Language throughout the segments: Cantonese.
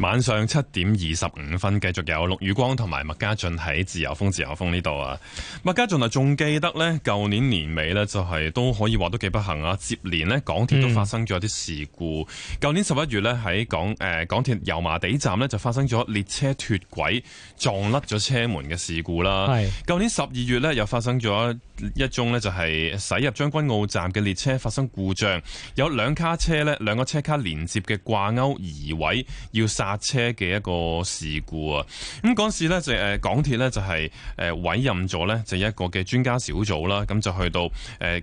晚上七點二十五分，繼續有陸宇光同埋麥家俊喺自由風自由風呢度啊！麥家俊啊，仲記得咧，舊年年尾咧、就是，就係都可以話都幾不幸啊！接連咧，港鐵都發生咗啲事故。舊、嗯、年十一月咧，喺、呃、港誒港鐵油麻地站咧，就發生咗列車脫軌撞甩咗車門嘅事故啦。舊是年十二月咧，又發生咗一宗咧，就係駛入將軍澳站嘅列車發生故障，有兩卡車咧，兩個車卡連接嘅掛鈎移位，要剎。搭車嘅一個事故啊，咁嗰時咧就誒港鐵咧就係誒委任咗咧就一個嘅專家小組啦，咁就去到誒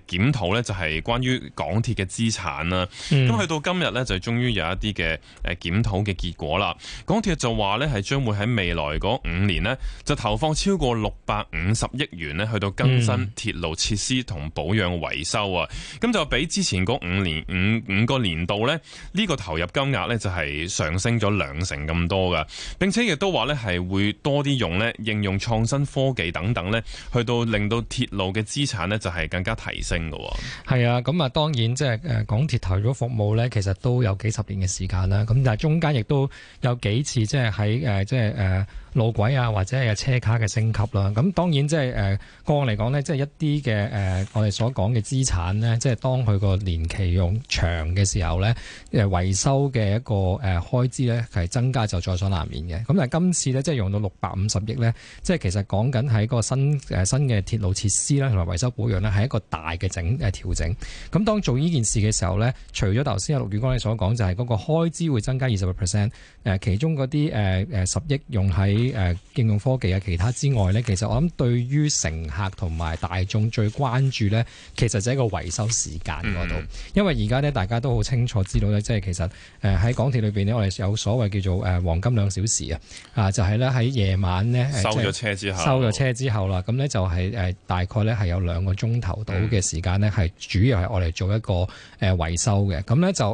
檢討咧就係關於港鐵嘅資產啦，咁去、嗯、到今日咧就終於有一啲嘅誒檢討嘅結果啦。港鐵就話咧係將會喺未來嗰五年呢，就投放超過六百五十億元呢，去到更新鐵路設施同保養維修啊，咁、嗯、就比之前嗰五年五五個年度咧呢、呢個投入金額咧就係上升咗兩。成咁多噶，並且亦都話咧係會多啲用咧應用創新科技等等咧，去到令到鐵路嘅資產咧就係更加提升嘅喎。係啊，咁啊當然即係誒港鐵提咗服務咧，其實都有幾十年嘅時間啦。咁但係中間亦都有幾次即係喺誒即係誒。呃就是呃路軌啊，或者係車卡嘅升級啦。咁當然即係誒個案嚟講咧，即係一啲嘅誒我哋所講嘅資產呢，即係當佢個年期用長嘅時候呢，誒維修嘅一個誒開支呢係增加就在所難免嘅。咁但係今次呢，即係用到六百五十億呢，即係其實講緊喺個新誒新嘅鐵路設施啦，同埋維修保養呢，係一個大嘅整誒調整。咁當做呢件事嘅時候呢，除咗頭先阿陸遠光你所講就係嗰個開支會增加二十個 percent，誒其中嗰啲誒誒十億用喺誒，應用、啊、科技啊其他之外呢，其實我諗對於乘客同埋大眾最關注呢，其實就係個維修時間嗰度，嗯、因為而家呢，大家都好清楚知道呢，即係其實喺、呃、港鐵裏面呢，我哋有所謂叫做誒、呃、黃金兩小時啊，啊就係、是、呢，喺夜晚呢，收咗車之後，收咗車之後啦，咁呢、哦，就係大概呢，係有兩個鐘頭到嘅時間呢，係、嗯、主要係我哋做一個誒、呃、維修嘅。咁呢，就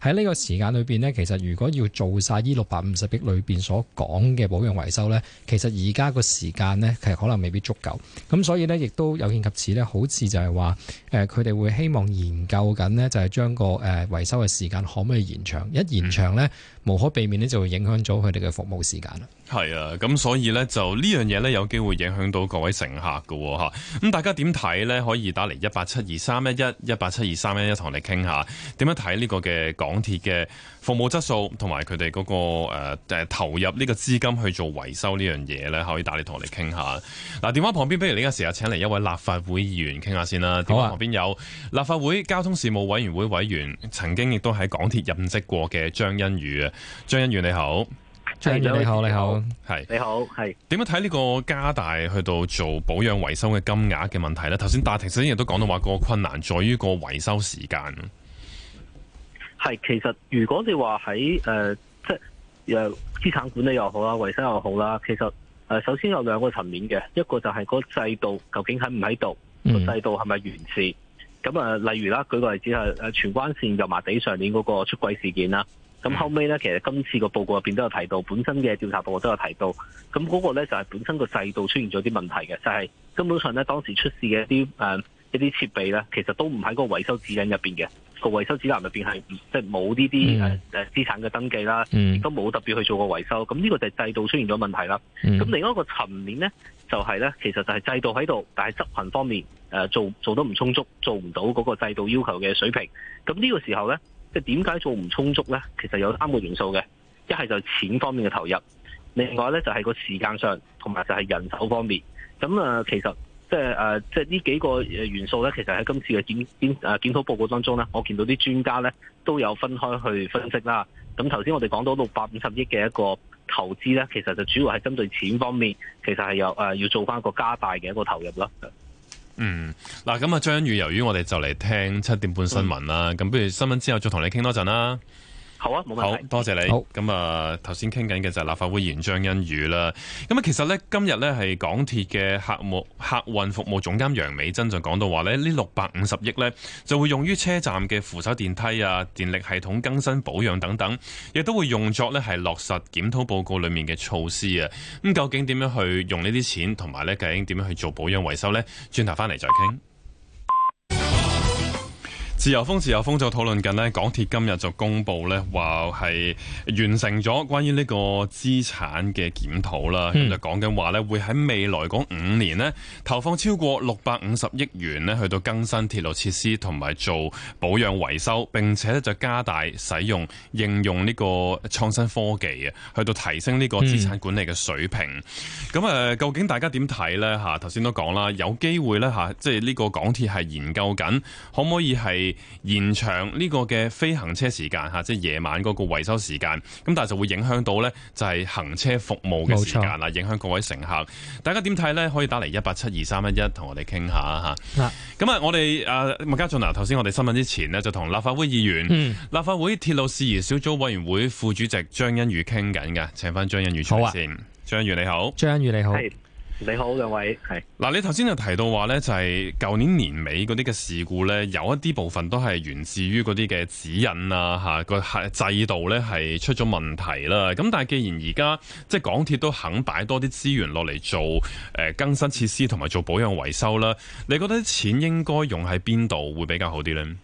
喺呢個時間裏面呢，其實如果要做晒呢六百五十億裏邊所講嘅保養維修。維修咧，其實而家個時間咧，其實可能未必足夠。咁所以咧，亦都有見及此咧，好似就係話，誒、呃，佢哋會希望研究緊呢，就係將個誒、呃、維修嘅時間可唔可以延長？一延長咧。嗯無可避免呢就會影響咗佢哋嘅服務時間啦。係啊，咁所以呢，就呢樣嘢呢，有機會影響到各位乘客㗎吓、哦。咁、啊、大家點睇呢？可以打嚟一八七二三一一一八七二三一一同我哋傾下，點樣睇呢個嘅港鐵嘅服務質素，同埋佢哋嗰個誒、呃、投入呢個資金去做維修呢樣嘢呢？可以打嚟同我哋傾下。嗱、啊，電話旁邊，不如呢家時候請嚟一位立法會議員傾下先啦。啊、電話旁邊有立法會交通事務委員會委員，曾經亦都喺港鐵任職過嘅張欣宇啊。張欣宇你好，張欣宇你好，你好，係你好，係點是樣睇呢個加大去到做保養維修嘅金額嘅問題呢？頭先大庭先生亦都講到話個困難在於個維修時間，係其實如果你話喺誒，即係誒資產管理又好啦，維修又好啦，其實誒、呃、首先有兩個層面嘅，一個就係個制度究竟喺唔喺度，個、嗯、制度係咪完善？咁、啊、呃，例如啦，舉個例子係誒，荃灣綫油麻地上年嗰個出軌事件啦。咁後尾咧，其實今次個報告入面都有提到，本身嘅調查報告都有提到，咁嗰個咧就係、是、本身個制度出現咗啲問題嘅，就係、是、根本上咧當時出事嘅一啲誒、呃、一啲設備咧，其實都唔喺嗰個維修指引入面嘅，嗰個維修指南入面係即係冇呢啲誒誒資產嘅登記啦，亦、mm. 都冇特別去做過維修，咁呢個就係制度出現咗問題啦。咁、mm. 另一個層面咧，就係、是、咧其實就係制度喺度，但係執行方面、呃、做做得唔充足，做唔到嗰個制度要求嘅水平，咁呢個時候咧。即係點解做唔充足咧？其實有三個元素嘅，一係就係錢方面嘅投入，另外咧就係個時間上，同埋就係人手方面。咁啊，其實即係誒，即係呢幾個元素咧，其實喺今次嘅檢檢誒檢討報告當中咧，我見到啲專家咧都有分開去分析啦。咁頭先我哋講到六百五十億嘅一個投資咧，其實就主要係針對錢方面，其實係有誒要做翻一個加大嘅一個投入啦。嗯，嗱，咁啊，張宇，由於我哋就嚟聽七點半新聞啦，咁、嗯、不如新聞之後再同你傾多陣啦。好啊，冇問題。好多謝你。好，咁啊，頭先傾緊嘅就係立法會議員張欣宇啦。咁啊，其實咧今日咧係港鐵嘅客務客運服務總監楊美珍就講到話咧，呢六百五十億咧就會用於車站嘅扶手電梯啊、電力系統更新保養等等，亦都會用作咧係落實檢討報告裏面嘅措施啊。咁究竟點樣去用呢啲錢，同埋咧究竟點樣去做保養維修咧？轉頭翻嚟再傾。自由風，自由風就討論緊咧。港鐵今日就公布咧，話係完成咗關於呢個資產嘅檢討啦。咁就講緊話咧，會喺未來嗰五年咧，投放超過六百五十億元咧，去到更新鐵路設施同埋做保養維修，並且就加大使用應用呢個創新科技啊，去到提升呢個資產管理嘅水平。咁誒、嗯，究竟大家點睇呢？嚇，頭先都講啦，有機會呢？嚇，即係呢個港鐵係研究緊，可唔可以係，延長呢個嘅非行車時間吓，即係夜晚嗰個維修時間，咁但係就會影響到呢就係行車服務嘅時間啦，影響各位乘客。冇錯。大家點睇呢？可以打嚟一八七二三一一同我哋傾下吓。咁啊，我哋啊麥家俊嗱、啊，頭先我哋新聞之前呢，就同立法會議員、嗯、立法會鐵路事宜小組委員會副主席張欣宇傾緊嘅，請翻張欣宇出嚟先。張欣宇、啊、你好。張欣宇你好。你好，兩位係嗱，你頭先就提到話呢，就係、是、舊年年尾嗰啲嘅事故呢，有一啲部分都係源自於嗰啲嘅指引啊，吓，個制度呢，係出咗問題啦。咁但係既然而家即係港鐵都肯擺多啲資源落嚟，做誒，更新設施同埋做保養維修啦，你覺得啲錢應該用喺邊度會比較好啲呢？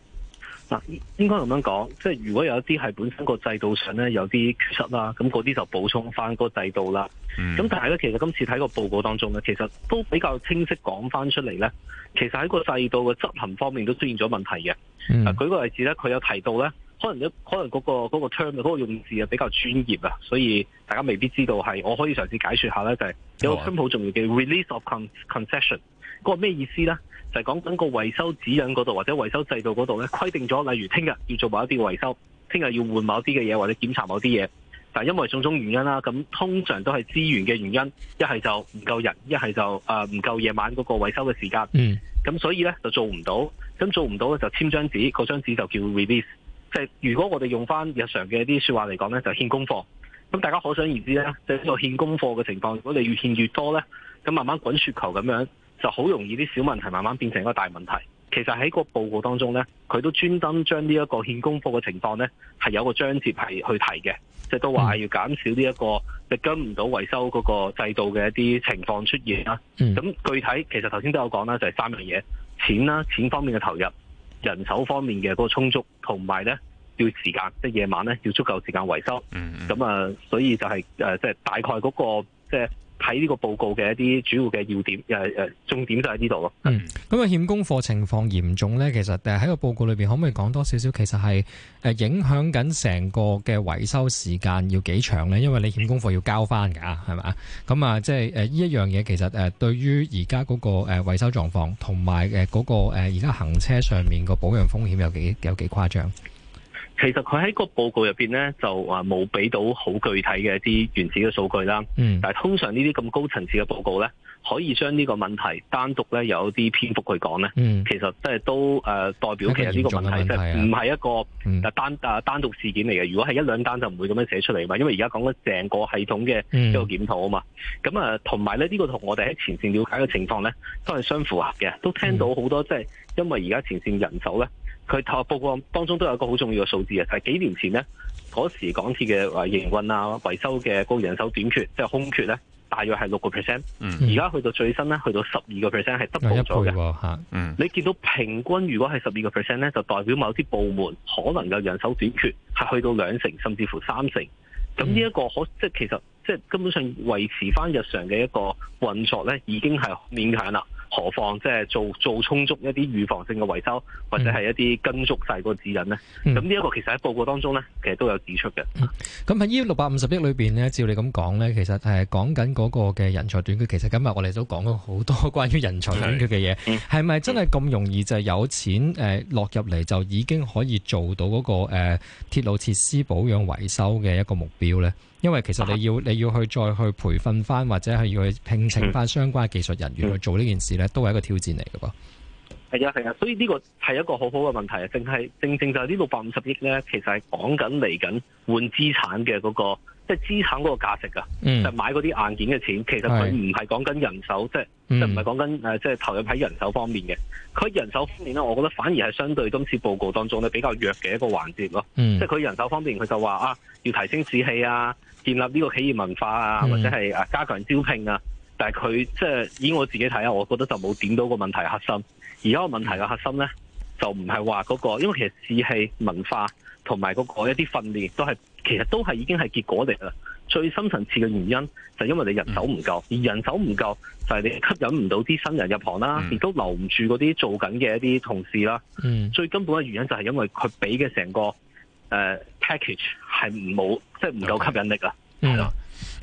應該咁樣講，即係如果有啲係本身個制度上咧有啲缺失啦，咁嗰啲就補充翻個制度啦。咁但係咧，其實今次睇個報告當中咧，其實都比較清晰講翻出嚟咧，其實喺個制度嘅執行方面都出現咗問題嘅。嗯、舉個例子咧，佢有提到咧。可能可能嗰個嗰個 term 嗰個用字啊，比較專業啊，所以大家未必知道係，我可以嘗試解説下咧，就係有個 term 好重要嘅 release of concession。嗰個咩意思咧？就係講緊個維修指引嗰度或者維修制度嗰度咧規定咗，例如聽日要做某一啲維修，聽日要換某啲嘅嘢或者檢查某啲嘢。但係因為種種原因啦，咁通常都係資源嘅原因，一係就唔夠人，一係就呃唔夠夜晚嗰個維修嘅時間。嗯。咁所以咧就做唔到，咁做唔到咧就簽張紙，嗰張紙就叫 release。即係如果我哋用翻日常嘅啲說話嚟講咧，就係欠功課。咁大家可想而知咧，即係呢個欠功課嘅情況，如果你越欠越多咧，咁慢慢滾雪球咁樣，就好容易啲小問題慢慢變成一個大問題。其實喺個報告當中咧，佢都專登將呢一個欠功課嘅情況咧，係有個章節係去提嘅，即係都話要減少呢一個你跟唔到維修嗰個制度嘅一啲情況出現啦。咁具體其實頭先都有講啦，就係三樣嘢，錢啦，錢方面嘅投入。人手方面嘅嗰個充足，同埋咧要時間，即係夜晚咧要足夠時間維修，嗯嗯咁啊，所以就係，誒，即係大概嗰個，即係。就是睇呢個報告嘅一啲主要嘅要點誒誒、呃呃，重點都喺呢度咯。嗯，咁啊，欠功課情況嚴重咧，其實誒喺個報告裏邊可唔可以講多少少？其實係誒影響緊成個嘅維修時間要幾長咧？因為你欠功課要交翻噶係咪？咁啊，即係誒呢一樣嘢，其實誒、啊、對於而家嗰個誒維、啊、修狀況同埋誒嗰個誒而家行車上面個保養風險有幾有幾誇張？其實佢喺個報告入邊咧，就話冇俾到好具體嘅一啲原始嘅數據啦。嗯。但係通常呢啲咁高層次嘅報告咧，可以將呢個問題單獨咧有啲篇幅去講咧。嗯。其實即係都誒、呃、代表，其實呢個問題即係唔係一個誒單誒、嗯、單獨事件嚟嘅。如果係一兩單就唔會咁樣寫出嚟嘛。因為而家講緊成個系統嘅一個檢討啊嘛。咁、嗯、啊，同埋咧呢、呢個同我哋喺前綫了解嘅情況咧都係相符合嘅。都聽到好多、嗯、即係因為而家前綫人手咧。佢透過報告當中都有一個好重要嘅數字嘅，係、就係、幾年前呢，嗰時港鐵嘅營運啊、維修嘅工人手短缺即係空缺咧，大約係六個 percent。而家、嗯、去到最新咧，去到十二個 percent 係得破咗嘅嚇。嗯嗯、你見到平均如果係十二個 percent 咧，就代表某啲部門可能嘅人手短缺係去到兩成甚至乎三成。咁呢一個可即係其實即係根本上維持翻日常嘅一個運作咧，已經係勉強啦。何況係，即係做做充足一啲預防性嘅維修，或者係一啲跟足曬個指引呢？咁呢一個其實喺報告當中呢，其實都有指出嘅。咁喺呢六百五十億裏邊呢，照、嗯、你咁講呢，其實誒講緊嗰個嘅人才短缺。其實今日我哋都講咗好多關於人才短缺嘅嘢，係咪、嗯、真係咁容易就係有錢、呃、落入嚟就已經可以做到嗰、嗰個鐵、呃、鐵路設施保養維修嘅一個目標呢？因為其實你要你要去再去培訓翻或者係要去聘請翻相關嘅技術人員去做呢件事咧，都係一個挑戰嚟嘅噃。係啊係啊，所以呢個係一個好好嘅問題啊！正係正正就係呢六百五十億咧，其實係講緊嚟緊換資產嘅嗰個，即係資產嗰個價值啊！就買嗰啲硬件嘅錢，其實佢唔係講緊人手，即係唔係講緊誒，即係投入喺人手方面嘅。佢人手方面咧，我覺得反而係相對今次報告當中咧比較弱嘅一個環節咯。即係佢人手方面，佢就話啊，要提升士氣啊。建立呢個企業文化啊，或者係誒加強招聘啊，但係佢即係以我自己睇下，我覺得就冇點到個問題核心。而家個問題嘅核心咧，就唔係話嗰個，因為其實士氣文化同埋嗰個一啲訓練都係其實都係已經係結果嚟啦。最深層次嘅原因就係因為你人手唔夠，嗯、而人手唔夠就係、是、你吸引唔到啲新人入行啦、啊，亦、嗯、都留唔住嗰啲做緊嘅一啲同事啦、啊。嗯、最根本嘅原因就係因為佢俾嘅成個，誒、uh, package 係唔冇，即係唔夠吸引力啊！嗱、嗯，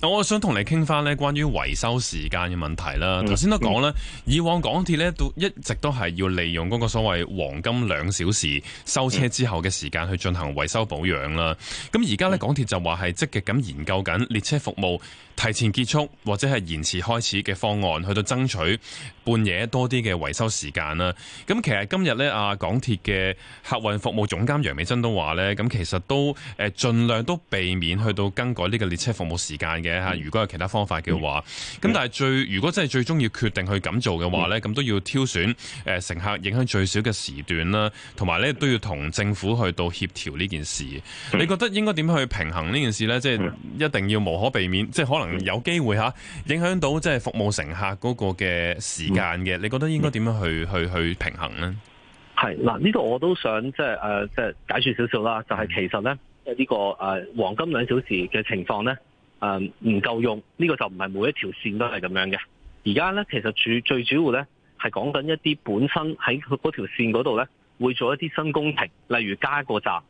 嗯、我想同你傾翻咧關於維修時間嘅問題啦。頭先都講啦，嗯、以往港鐵咧都一直都係要利用嗰個所謂黃金兩小時收車之後嘅時間去進行維修保養啦。咁而家咧港鐵就話係積極咁研究緊列車服務。提前結束或者係延遲開始嘅方案，去到爭取半夜多啲嘅維修時間啦。咁其實今日咧，啊港鐵嘅客運服務總監楊美珍都話咧，咁其實都誒盡量都避免去到更改呢個列車服務時間嘅吓，如果有其他方法嘅話，咁、嗯、但係最如果真係最終要決定去咁做嘅話咧，咁、嗯、都要挑選誒乘客影響最少嘅時段啦，同埋咧都要同政府去到協調呢件事。嗯、你覺得應該點樣去平衡呢件事咧？即係一定要無可避免，嗯、即係。可能可能有機會吓影響到即係服務乘客嗰個嘅時間嘅，嗯、你覺得應該點樣去去、嗯、去平衡呢？係嗱，呢度我都想即係誒，即、呃、係解説少少啦。就係、是、其實呢，呢、這個誒、呃、黃金兩小時嘅情況呢，誒、呃、唔夠用。呢、這個就唔係每一條線都係咁樣嘅。而家呢，其實主最主要呢係講緊一啲本身喺嗰條線嗰度呢，會做一啲新工程，例如加一個站。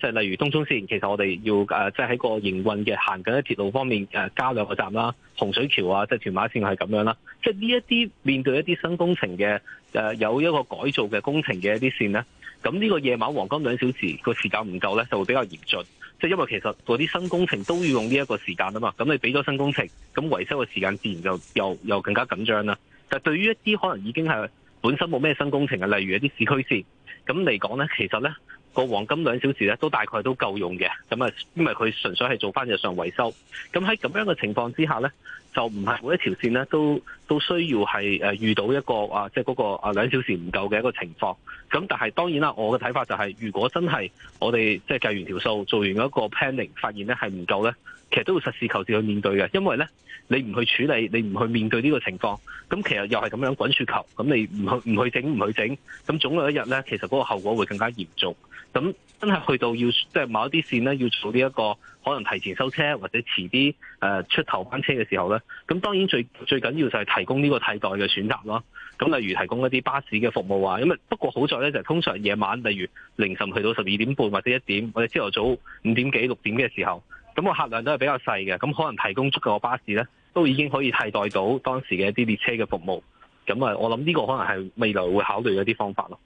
即係例如東涌線，其實我哋要誒即係喺個營運嘅行緊嘅鐵路方面誒加兩個站啦，洪水橋啊，即係屯馬線係咁樣啦。即係呢一啲面對一啲新工程嘅誒有一個改造嘅工程嘅一啲線咧，咁呢個夜晚黃金兩小時個時間唔夠咧，就會比較嚴峻。即係因為其實做啲新工程都要用呢一個時間啊嘛，咁你俾咗新工程，咁維修嘅時間自然就又又更加緊張啦。但係對於一啲可能已經係本身冇咩新工程嘅，例如一啲市區線咁嚟講咧，其實咧。個黃金兩小時咧，都大概都夠用嘅。咁啊，因為佢純粹係做翻日常維修。咁喺咁樣嘅情況之下咧。就唔係每一條線咧，都都需要係誒遇到一個啊，即係嗰個啊兩小時唔夠嘅一個情況。咁但係當然啦，我嘅睇法就係、是，如果真係我哋即係計完條數，做完一個 planning，發現咧係唔夠咧，其實都要實事求是去面對嘅。因為咧，你唔去處理，你唔去面對呢個情況，咁其實又係咁樣滾雪球。咁你唔去唔去整唔去整，咁總有一日咧，其實嗰個後果會更加嚴重。咁真係去到要即係、就是、某一啲線咧，要做呢、這、一個可能提前收車或者遲啲、呃、出頭班車嘅時候咧。咁當然最最緊要就係提供呢個替代嘅選擇咯。咁例如提供一啲巴士嘅服務啊，咁為不過好在呢，就係、通常夜晚例如凌晨去到十二點半或者一點，我哋朝頭早五點幾六點嘅時候，咁個客量都係比較細嘅。咁可能提供足夠嘅巴士呢，都已經可以替代到當時嘅一啲列車嘅服務。咁啊，我諗呢個可能係未來會考慮嘅一啲方法咯。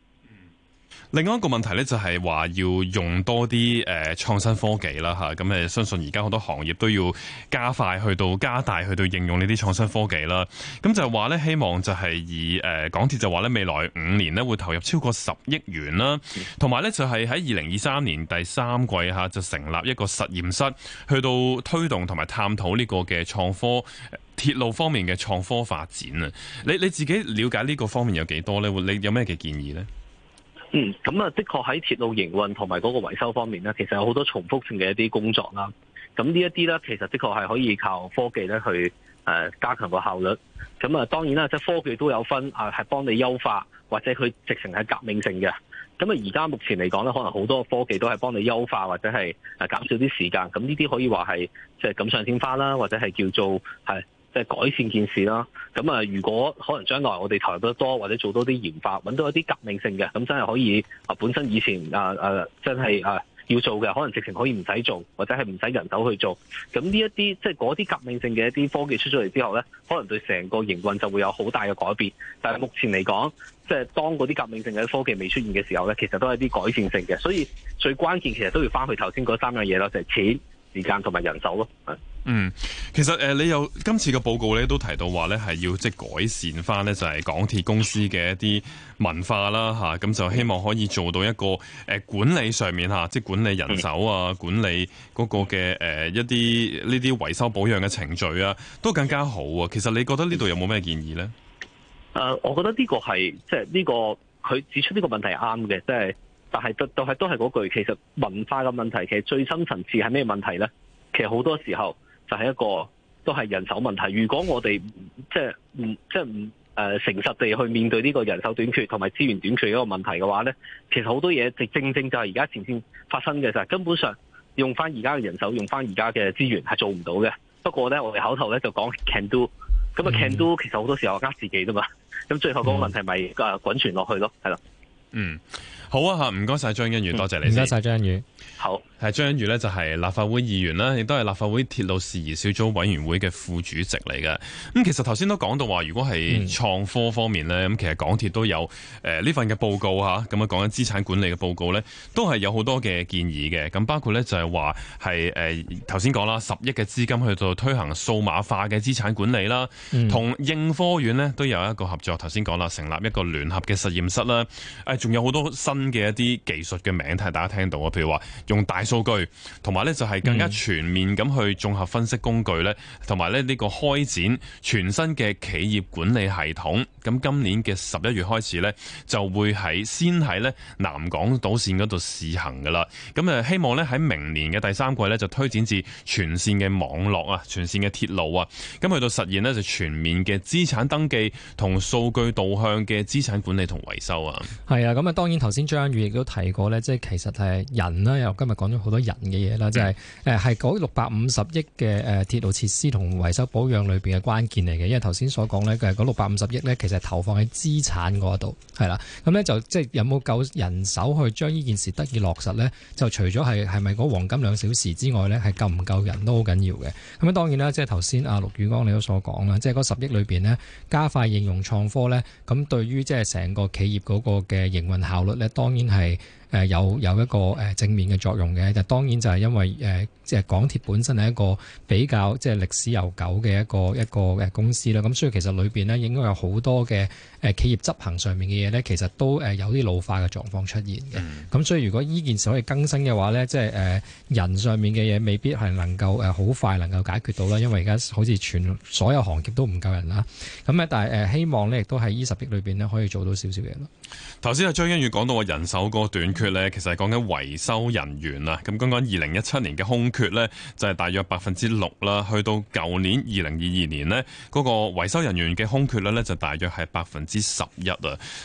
另外一個問題咧，就係話要用多啲誒創新科技啦，吓，咁誒，相信而家好多行業都要加快去到加大去到應用呢啲創新科技啦。咁就係話咧，希望就係以誒港鐵就話咧，未來五年咧會投入超過十億元啦，同埋咧就係喺二零二三年第三季吓，就成立一個實驗室，去到推動同埋探討呢個嘅創科、鐵路方面嘅創科發展啊。你你自己了解呢個方面有幾多咧？你有咩嘅建議呢？嗯，咁啊，的確喺鐵路營運同埋嗰個維修方面咧，其實有好多重複性嘅一啲工作啦。咁呢一啲咧，其實的確係可以靠科技咧去誒、呃、加強個效率。咁啊，當然啦，即係科技都有分啊，係幫你優化或者佢直情係革命性嘅。咁啊，而家目前嚟講咧，可能好多科技都係幫你優化或者係誒減少啲時間。咁呢啲可以話係即係錦上添花啦，或者係、啊就是、叫做係。即係改善件事啦，咁啊，如果可能將來我哋投入得多，或者做多啲研發，揾到一啲革命性嘅，咁真係可以啊，本身以前啊，啊真係啊要做嘅，可能直情可以唔使做，或者係唔使人手去做。咁呢一啲即係嗰啲革命性嘅一啲科技出咗嚟之後咧，可能對成個營運就會有好大嘅改變。但係目前嚟講，即係當嗰啲革命性嘅科技未出現嘅時候咧，其實都係一啲改善性嘅。所以最關鍵其實都要翻去頭先嗰三樣嘢咯，就係錢、時間同埋人手咯，嗯，其實誒、呃，你有今次嘅報告咧都提到話咧係要即係、就是、改善翻咧就係、是、港鐵公司嘅一啲文化啦吓，咁、啊、就希望可以做到一個誒、呃、管理上面吓、啊，即係管理人手啊，管理嗰個嘅誒、呃、一啲呢啲維修保養嘅程序啊，都更加好啊。其實你覺得呢度有冇咩建議咧？誒、呃，我覺得呢個係即係呢個佢指出呢個問題係啱嘅，即係。但係都都係嗰句，其實文化嘅問題，其實最深層次係咩問題呢？其實好多時候就係一個都係人手問題。如果我哋即係唔即係唔，呃、誠誠實地去面對呢個人手短缺同埋資源短缺嗰個問題嘅話呢，其實好多嘢就正正就係而家前線發生嘅，就係根本上用翻而家嘅人手，用翻而家嘅資源係做唔到嘅。不過呢，我哋口頭呢就講 can do，咁啊 can do 其實好多時候呃自己啫嘛。咁最後嗰個問題咪滾滾傳落去咯，係喇。嗯。好啊，吓，唔該晒張欣宇，多謝你。唔該晒張欣宇好係張欣宇咧，就係立法會議員啦，亦都係立法會鐵路事宜小組委員會嘅副主席嚟嘅。咁其實頭先都講到話，如果係創科方面咧，咁、嗯、其實港鐵都有誒呢份嘅報告吓，咁啊講緊資產管理嘅報告咧，都係有好多嘅建議嘅。咁包括咧就係話係誒頭先講啦，十億嘅資金去到推行數碼化嘅資產管理啦，同、嗯、應科院咧都有一個合作。頭先講啦，成立一個聯合嘅實驗室啦，誒仲有好多新。嘅一啲技術嘅名，睇下大家聽到啊，譬如話用大數據，同埋呢就係更加全面咁去綜合分析工具呢。同埋呢呢個開展全新嘅企業管理系統。咁今年嘅十一月開始呢，就會喺先喺呢南港島線嗰度試行噶啦。咁誒希望呢喺明年嘅第三季呢，就推展至全線嘅網絡啊，全線嘅鐵路啊。咁去到實現呢，就全面嘅資產登記同數據導向嘅資產管理同維修啊。係啊，咁啊當然頭先。張宇亦都提過咧，即係其實係人啦，又今日講咗好多人嘅嘢啦，嗯、即係誒係嗰六百五十億嘅誒鐵路設施同維修保養裏邊嘅關鍵嚟嘅，因為頭先所講咧，佢係嗰六百五十億咧，其實投放喺資產嗰度係啦，咁咧就即係有冇夠人手去將呢件事得以落實咧？就除咗係係咪嗰黃金兩小時之外咧，係夠唔夠人都好緊要嘅。咁啊當然啦，即係頭先阿陸宇剛你都所講啦，即係嗰十億裏邊呢，加快應用創科咧，咁對於即係成個企業嗰個嘅營運效率咧。當然係誒有有一個誒正面嘅作用嘅，但係當然就係因為誒即係港鐵本身係一個比較即係歷史悠久嘅一個一個嘅公司啦。咁所以其實裏邊咧，應該有好多嘅誒企業執行上面嘅嘢咧，其實都誒有啲老化嘅狀況出現嘅。咁、嗯、所以如果呢件事可以更新嘅話呢，即係誒人上面嘅嘢未必係能夠誒好快能夠解決到啦。因為而家好似全所有行業都唔夠人啦。咁但係希望呢亦都喺呢十億裏邊咧，可以做到少少嘢咯。頭先阿張欣宇講到話人手過短缺咧，其實係講緊維修人員啊。咁講緊二零一七年嘅空缺咧，就係大約百分之六啦。去到舊年二零二二年呢，嗰個維修人員嘅空缺率呢，就大約係百分之十一啊。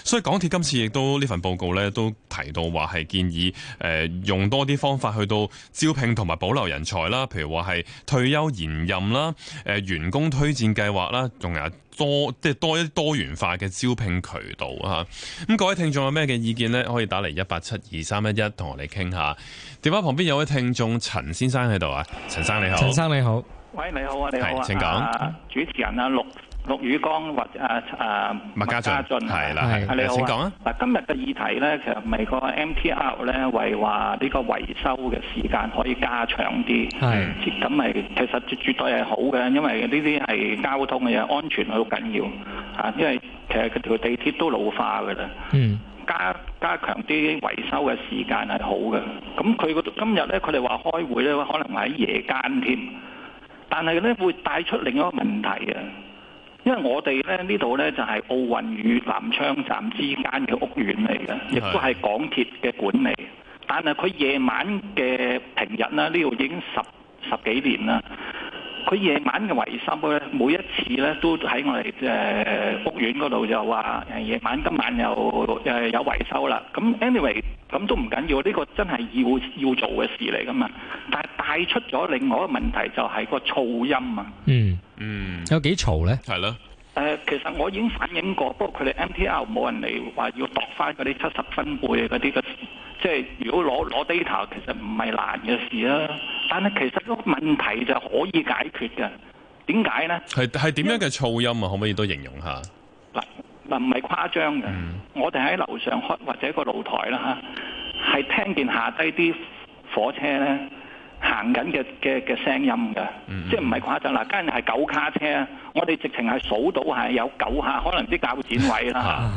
所以港鐵今次亦都呢份報告呢，都提到話係建議、呃、用多啲方法去到招聘同埋保留人才啦，譬如話係退休延任啦、誒、呃、員工推薦計劃啦，仲有，多即係多一多元化嘅招聘渠道啊！咁各位聽眾有咩嘅意見呢？可以打嚟一八七二三一一同我哋傾下。電話旁邊有位聽眾陳先生喺度啊，陳生你好。陳生你好，喂你好啊，你好啊，請講啊。主持人阿、啊、陸。陸宇光或者阿阿、啊、麥家俊係啦，的你好，請講啊。嗱，今日嘅議題咧，其實唔係個 MTR 咧為話呢個維修嘅時間可以加長啲，咁咪是的 其實絕對係好嘅，因為呢啲係交通嘅嘢，安全好緊要啊。因為其實佢條地鐵都老化㗎喇、嗯，加加強啲維修嘅時間係好嘅。咁佢今日咧，佢哋話開會咧，可能喺夜間添，但係咧會帶出另一個問題啊。因為我哋咧，呢度呢，就係奧運與南昌站之間嘅屋苑嚟嘅，亦都係港鐵嘅管理，但係佢夜晚嘅平日呢，呢度已經十十幾年啦。佢夜晚嘅維修咧，每一次咧都喺我哋誒、呃、屋苑嗰度就話，夜晚今晚又、呃、有維修啦。咁 anyway，咁都唔緊、這個、要，呢個真係要要做嘅事嚟噶嘛。但係帶出咗另外一個問題，就係個噪音啊。嗯嗯，有幾嘈咧？係咯的、呃。其實我已經反映過，不過佢哋 MTR 冇人嚟話要度返嗰啲七十分貝嗰啲嘅，即、就、係、是、如果攞攞 data 其實唔係難嘅事啦。但係其實個問題就可以解決嘅，點解呢？係係點樣嘅噪音啊？可唔可以都形容下？嗱，唔係誇張嘅，嗯、我哋喺樓上開或者個露台啦嚇，係聽見下低啲火車呢。行緊嘅嘅嘅聲音嘅，嗯、即係唔係誇張啦？梗係九卡車，我哋直情係數到係有九下，可能啲較剪位啦。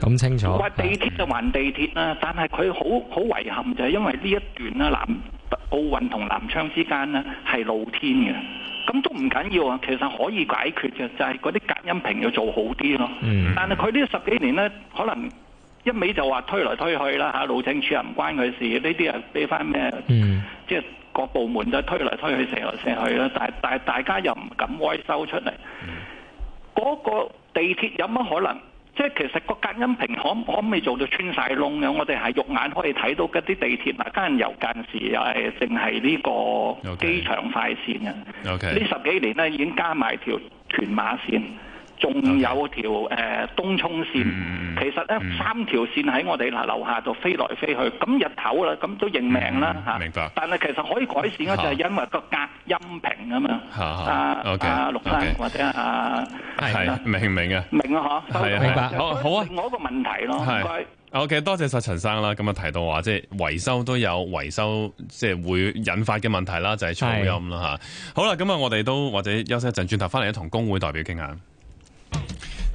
咁清楚。話、啊啊、地鐵就還地鐵啦，但係佢好好遺憾就係、是、因為呢一段啦，南奧運同南昌之間呢係露天嘅，咁都唔緊要啊。其實可以解決嘅就係嗰啲隔音屏要做好啲咯。嗯、但係佢呢十幾年呢，可能一味就話推來推去啦嚇、啊，路政署又唔關佢事，呢啲啊俾翻咩？嗯即係各部門都推嚟推去成來成去啦，但係但係大家又唔敢外收出嚟。嗰、嗯、個地鐵有乜可能？即係其實個隔音屏可可唔可以做到穿晒窿嘅，我哋係肉眼可以睇到嗰啲地鐵啊間油間時啊，淨係呢個機場快線嘅。呢 Okay. 十幾年咧已經加埋條屯馬線。仲有條誒東涌線，其實咧三條線喺我哋嗱樓下度飛來飛去，咁日頭啦，咁都認命啦嚇。明白。但係其實可以改善嘅就係因為個隔音屏咁樣。嚇嚇。阿阿陸生或者阿係啊，明唔明啊？明啊嚇。係啊，明白。好啊，另一個問題咯。係。OK，多謝晒陳生啦。咁啊提到話，即係維修都有維修，即係會引發嘅問題啦，就係噪音啦嚇。好啦，咁啊，我哋都或者休息一陣，轉頭翻嚟一同工會代表傾下。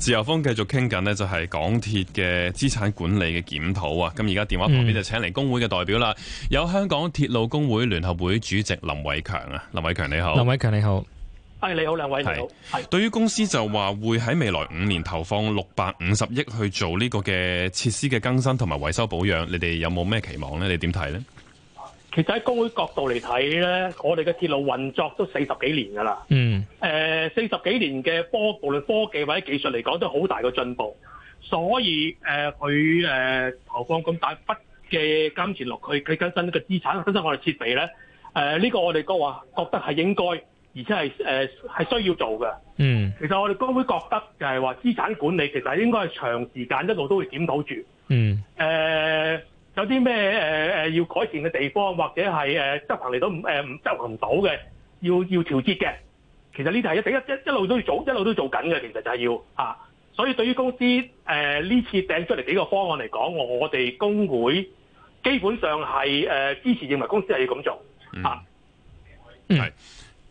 自由風繼續傾緊呢，就係、是、港鐵嘅資產管理嘅檢討啊！咁而家電話旁邊就請嚟工會嘅代表啦，嗯、有香港鐵路工會聯合會主席林偉強啊，林偉強你好，林偉強你好，哎，你好，兩位你好。係，對於公司就話會喺未來五年投放六百五十億去做呢個嘅設施嘅更新同埋維修保養，你哋有冇咩期望呢？你點睇呢？其實喺工會角度嚟睇咧，我哋嘅鐵路運作都四十幾年㗎喇。嗯。誒、呃，四十幾年嘅科，無論科技或者技術嚟講，都好大嘅進步。所以誒，佢、呃、誒、呃、投放咁大筆嘅金錢落去，佢更新一個資產，更新我哋設備咧。誒、呃，呢、這個我哋都話覺得係應該，而且係誒係需要做嘅。嗯。其實我哋工會覺得就係話資產管理其實應該係長時間一路都會檢討住。嗯。誒、呃。有啲咩誒要改善嘅地方，或者係誒、呃、執行嚟到唔唔執行唔到嘅，要要調節嘅。其實呢啲係一定一一一路都要做一路都要做緊嘅，其實就係要啊。所以對於公司誒呢、呃、次訂出嚟幾個方案嚟講，我哋工會基本上係誒、呃、支持認為公司係要咁做啊。嗯，係。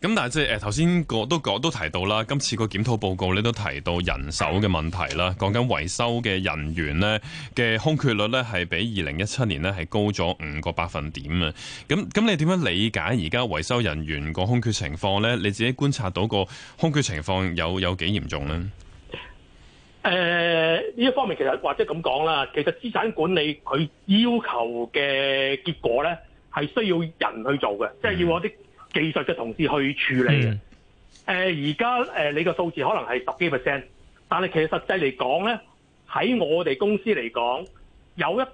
咁但係即係誒，頭先我都講都提到啦，今次個檢討報告咧都提到人手嘅問題啦，講緊維修嘅人員咧嘅空缺率咧係比二零一七年咧係高咗五個百分點啊。咁咁你點樣理解而家維修人員個空缺情況咧？你自己觀察到個空缺情況有有幾嚴重咧？誒、呃，呢一方面其實或者咁講啦，其實資產管理佢要求嘅結果咧係需要人去做嘅，即係要我啲。技術嘅同事去處理嘅，誒而家誒你個數字可能係十幾 percent，但係其實實際嚟講咧，喺我哋公司嚟講，有一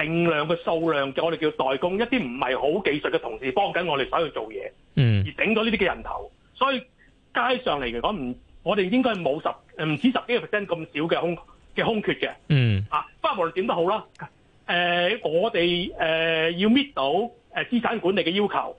定量嘅數量嘅，我哋叫代工，一啲唔係好技術嘅同事幫緊我哋手去做嘢，嗯，mm. 而頂咗呢啲嘅人頭，所以街上嚟講唔，我哋應該冇十誒唔止十幾個 percent 咁少嘅空嘅空缺嘅，嗯，mm. 啊，不過無論點都好啦，誒、呃、我哋誒、呃、要搣到誒資產管理嘅要求。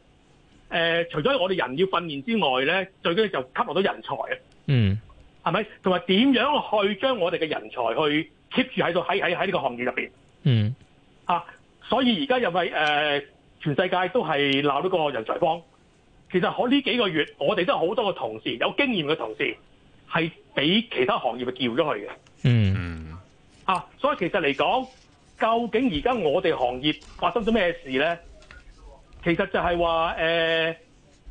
誒、呃，除咗我哋人要訓練之外咧，最緊要就吸納到人才啊！嗯，係咪？同埋點樣去將我哋嘅人才去 keep 住喺度？喺喺喺呢個行業入邊？嗯，啊，所以而家又係誒、呃，全世界都係鬧呢個人才荒。其實可呢幾個月，我哋都好多個同事有經驗嘅同事係俾其他行業叫咗去嘅。嗯，啊，所以其實嚟講，究竟而家我哋行業發生咗咩事咧？其實就係話誒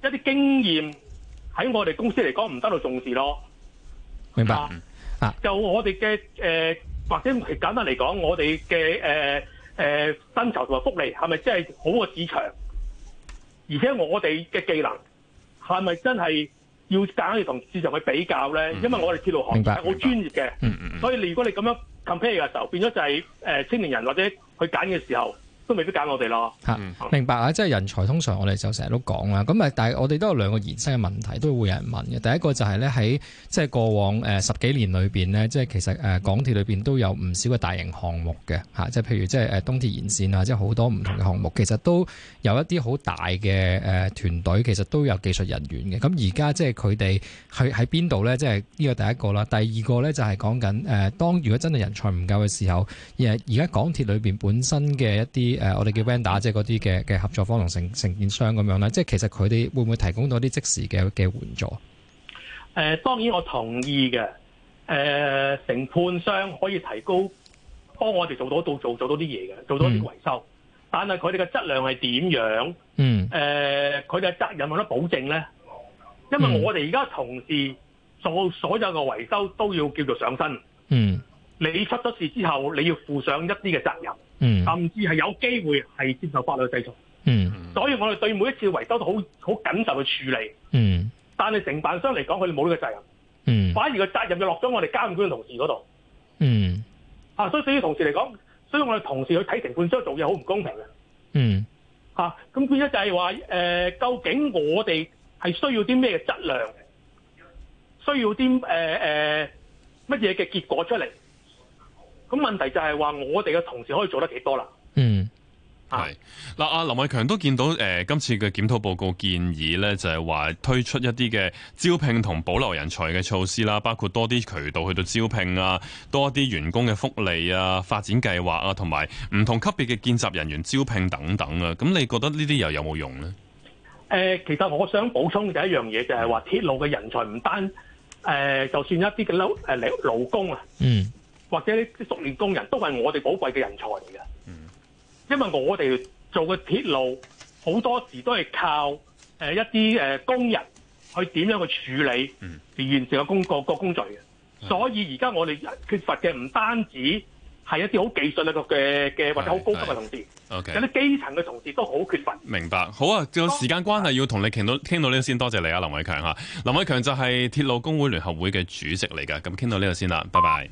一啲經驗喺我哋公司嚟講唔得到重視咯，明白啊？就我哋嘅誒，或者簡單嚟講，我哋嘅誒誒薪酬同埋福利係咪真係好過市場？而且我哋嘅技能係咪真係要揀去同市場去比較咧？嗯嗯、因為我哋鐵路行業好專業嘅，嗯嗯，所以如果你咁樣 compare 嘅時候，變咗就係、是、誒、呃、青年人或者去揀嘅時候。都未必揀我哋咯、嗯嗯、明白啊！即係人才，通常我哋就成日都講啦咁啊，但係我哋都有兩個延伸嘅問題，都會有人問嘅。第一個就係咧，喺即係過往十幾年裏面咧，即係其實港鐵裏面都有唔少嘅大型項目嘅，即係譬如即係誒東鐵延線啊，即係好多唔同嘅項目。其實都有一啲好大嘅誒團隊，其實都有技術人員嘅。咁而家即係佢哋喺喺邊度咧？即係呢個第一個啦。第二個咧就係講緊誒，當如果真係人才唔夠嘅時候，而家港鐵裏面本身嘅一啲。誒、呃，我哋叫 vendor 即係嗰啲嘅嘅合作方同承承建商，咁樣啦，即係其實佢哋會唔會提供到啲即時嘅嘅援助？誒、呃，當然我同意嘅。誒、呃，承判商可以提高，幫我哋做到到做做到啲嘢嘅，做到啲維修。嗯、但係佢哋嘅質量係點樣？嗯。誒、呃，佢哋嘅責任有得保證咧？因為我哋而家同事所所有嘅維修都要叫做上身。嗯。你出咗事之後，你要負上一啲嘅責任。嗯、甚至係有機會係接受法律嘅制裁。嗯，所以我哋對每一次維修都好好謹慎去處理。嗯，但係承辦商嚟講，佢哋冇呢個責任。嗯，反而個責任就落咗我哋監管嘅同事嗰度。嗯，啊，所以對於同事嚟講，所以我哋同事去睇承辦商做嘢好唔公平嘅。嗯，嚇、啊，咁變咗就係話誒，究竟我哋係需要啲咩質量？需要啲誒誒乜嘢嘅結果出嚟？咁問題就係話，我哋嘅同事可以做得幾多啦？嗯，係。嗱，阿林偉強都見到，誒、呃，今次嘅檢討報告建議咧，就係話推出一啲嘅招聘同保留人才嘅措施啦，包括多啲渠道去到招聘啊，多啲員工嘅福利啊、發展計劃啊，同埋唔同級別嘅見習人員招聘等等啊。咁你覺得呢啲又有冇用呢？誒、呃，其實我想補充嘅一樣嘢，就係話鐵路嘅人才唔單誒、呃，就算一啲嘅勞誒勞工啊，嗯。或者啲熟練工人，都係我哋寶貴嘅人才嚟嘅。嗯，因為我哋做嘅鐵路好多時都係靠誒一啲誒工人去點樣去處理，嗯，嚟完成個工個個工序嘅。嗯、所以而家我哋缺乏嘅唔單止係一啲好技術嘅嘅嘅，或者好高級嘅同事，OK，有啲基層嘅同事都好缺乏。明白。好啊，仲有時間關係，要同你傾到傾到呢度先。多謝你啊，林偉強吓，林偉強就係鐵路工會聯合會嘅主席嚟噶。咁傾到呢度先啦，拜拜。